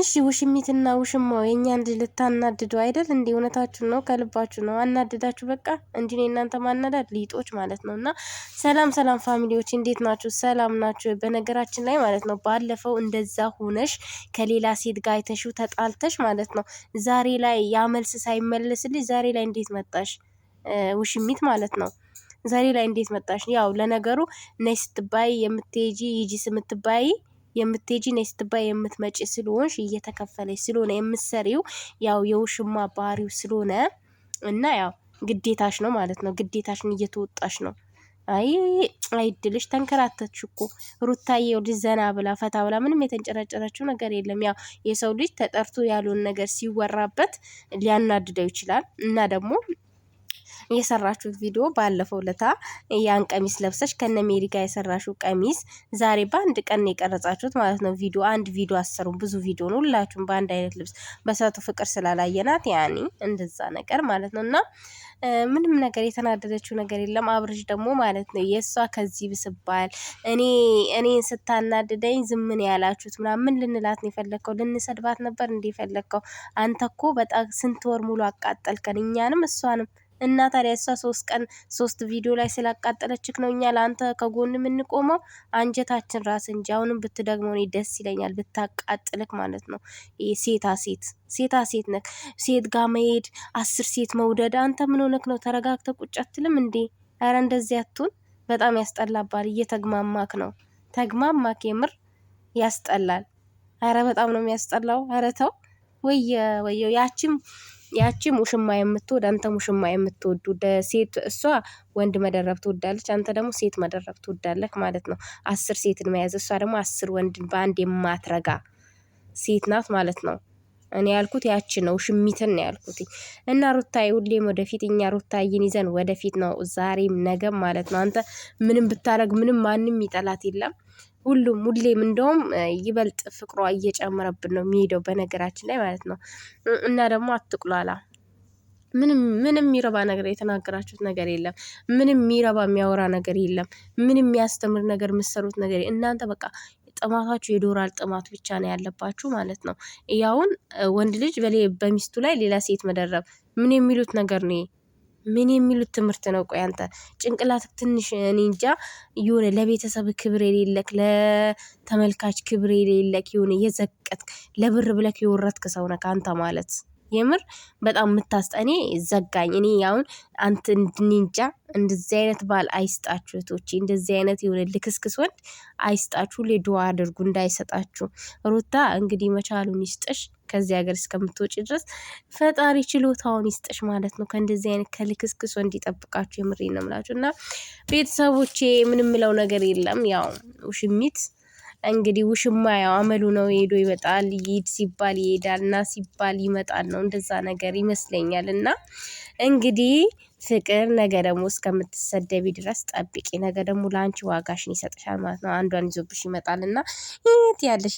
እሺ ውሽሚትና ውሽማው የእኛን እንድ ልታናድዱ አይደል? እንዲ እውነታችሁ ነው፣ ከልባችሁ ነው። አናድዳችሁ በቃ እንዲ እናንተ ማናዳድ ሊጦች ማለት ነው። እና ሰላም ሰላም ፋሚሊዎች እንዴት ናችሁ? ሰላም ናችሁ? በነገራችን ላይ ማለት ነው ባለፈው እንደዛ ሆነሽ ከሌላ ሴት ጋር አይተሽው ተጣልተሽ ማለት ነው ዛሬ ላይ ያመልስ ሳይመለስልሽ ዛሬ ላይ እንዴት መጣሽ? ውሽሚት ማለት ነው ዛሬ ላይ እንዴት መጣሽ? ያው ለነገሩ ነይ ስትባይ የምትሄጂ ሂጂ ስምትባይ የምትሄጂ ነይ ስትባይ የምትመጪ ስለሆንሽ እየተከፈለች ስለሆነ የምትሰሪው ያው የውሽማ ባህሪው ስለሆነ እና ያው ግዴታሽ ነው ማለት ነው። ግዴታሽን እየተወጣሽ ነው። አይ አይድልሽ፣ ተንከራተትሽ እኮ ሩታዬ። ልጅ ዘና ብላ ፈታ ብላ ምንም የተንጨራጨራችው ነገር የለም። ያው የሰው ልጅ ተጠርቶ ያለውን ነገር ሲወራበት ሊያናድደው ይችላል እና ደግሞ የሰራችሁት ቪዲዮ ባለፈው ለታ ያን ቀሚስ ለብሰች ከነ ሜሪ ጋር የሰራችሁ ቀሚስ ዛሬ በአንድ ቀን የቀረጻችሁት ማለት ነው። ቪዲዮ አንድ ቪዲዮ አሰሩ ብዙ ቪዲዮ ነው። ሁላችሁም በአንድ አይነት ልብስ በሰቱ ፍቅር ስላላየናት ያኒ እንደዛ ነገር ማለት ነው እና ምንም ነገር የተናደደችው ነገር የለም። አብርሽ ደግሞ ማለት ነው የእሷ ከዚህ ብስባል እኔ እኔን ስታናድደኝ ዝምን ያላችሁት ምናምን ምን ልንላት ነው የፈለግከው? ልንሰድባት ነበር እንደ የፈለግከው? አንተ እኮ በጣም ስንት ወር ሙሉ አቃጠልከን እኛንም እሷንም እና ታዲያ እሷ ሶስት ቀን ሶስት ቪዲዮ ላይ ስላቃጠለችክ ነው እኛ ለአንተ ከጎን የምንቆመው? አንጀታችን ራስ እንጂ አሁንም ብትደግመው እኔ ደስ ይለኛል፣ ብታቃጥልክ ማለት ነው። ሴታ ሴት ሴታ ሴት ነክ ሴት ጋር መሄድ አስር ሴት መውደድ፣ አንተ ምን ሆነክ ነው? ተረጋግተ ቁጭ አትልም እንዴ? ኧረ እንደዚያ አትሁን። በጣም ያስጠላባል። እየተግማማክ ነው። ተግማማክ የምር ያስጠላል። አረ በጣም ነው የሚያስጠላው። ኧረ ተው። ወየ ወየው ያችም ያቺ ሙሽማ የምትወድ አንተ ሙሽማ የምትወዱ ሴት እሷ ወንድ መደረብ ትወዳለች፣ አንተ ደግሞ ሴት መደረብ ትወዳለህ ማለት ነው። አስር ሴትን መያዝ እሷ ደግሞ አስር ወንድን በአንድ የማትረጋ ሴት ናት ማለት ነው። እኔ ያልኩት ያቺ ነው ሽሚትን ነው ያልኩት። እና ሩታዬ ሁሌም ወደፊት እኛ ሩታዬን ይዘን ወደፊት ነው ዛሬም ነገም ማለት ነው። አንተ ምንም ብታረግ ምንም ማንም ይጠላት የለም። ሁሉም ሁሌም እንደውም ይበልጥ ፍቅሯ እየጨመረብን ነው የሚሄደው በነገራችን ላይ ማለት ነው። እና ደግሞ አትቁላላ። ምንም ምንም የሚረባ ነገር የተናገራችሁት ነገር የለም። ምንም የሚረባ የሚያወራ ነገር የለም። ምንም የሚያስተምር ነገር የምትሰሩት ነገር እናንተ በቃ ጥማታችሁ የዶራል ጥማት ብቻ ነው ያለባችሁ ማለት ነው። ያውን ወንድ ልጅ በሌ በሚስቱ ላይ ሌላ ሴት መደረብ ምን የሚሉት ነገር ነው? ምን የሚሉት ትምህርት ነው? ቆይ አንተ ጭንቅላት ትንሽ እኔ እንጃ የሆነ ለቤተሰብ ክብር የሌለክ ለተመልካች ክብር የሌለክ የሆነ የዘቀትክ ለብር ብለክ የወረትክ ሰው ነክ አንተ ማለት የምር በጣም የምታስጠኔ ዘጋኝ። እኔ ያሁን አንተ እንድንጃ እንደዚህ አይነት ባል አይስጣችሁ እህቶቼ፣ እንደዚህ አይነት የሆነ ልክስክስ ወንድ አይስጣችሁ። ሌ አድርጉ እንዳይሰጣችሁ። ሩታ እንግዲህ መቻሉን ይስጥሽ ከዚህ ሀገር እስከምትወጪ ድረስ ፈጣሪ ችሎታውን ይስጥሽ ማለት ነው። ከእንደዚህ አይነት ከልክስክስ ወንድ ይጠብቃችሁ። የምሬ ነው የምላችሁ እና ቤተሰቦቼ ምንም ምለው ነገር የለም ያው ውሽሚት እንግዲህ ውሽማ ያው አመሉ ነው። ሄዶ ይመጣል፣ ይሂድ ሲባል ይሄዳል፣ ና ሲባል ይመጣል ነው እንደዛ ነገር ይመስለኛል። እና እንግዲህ ፍቅር ነገ ደግሞ እስከምትሰደቢ ድረስ ጠብቂ። ነገ ደግሞ ለአንቺ ዋጋሽን ይሰጥሻል ማለት ነው። አንዷን ይዞብሽ ይመጣል እና የት ያለሽ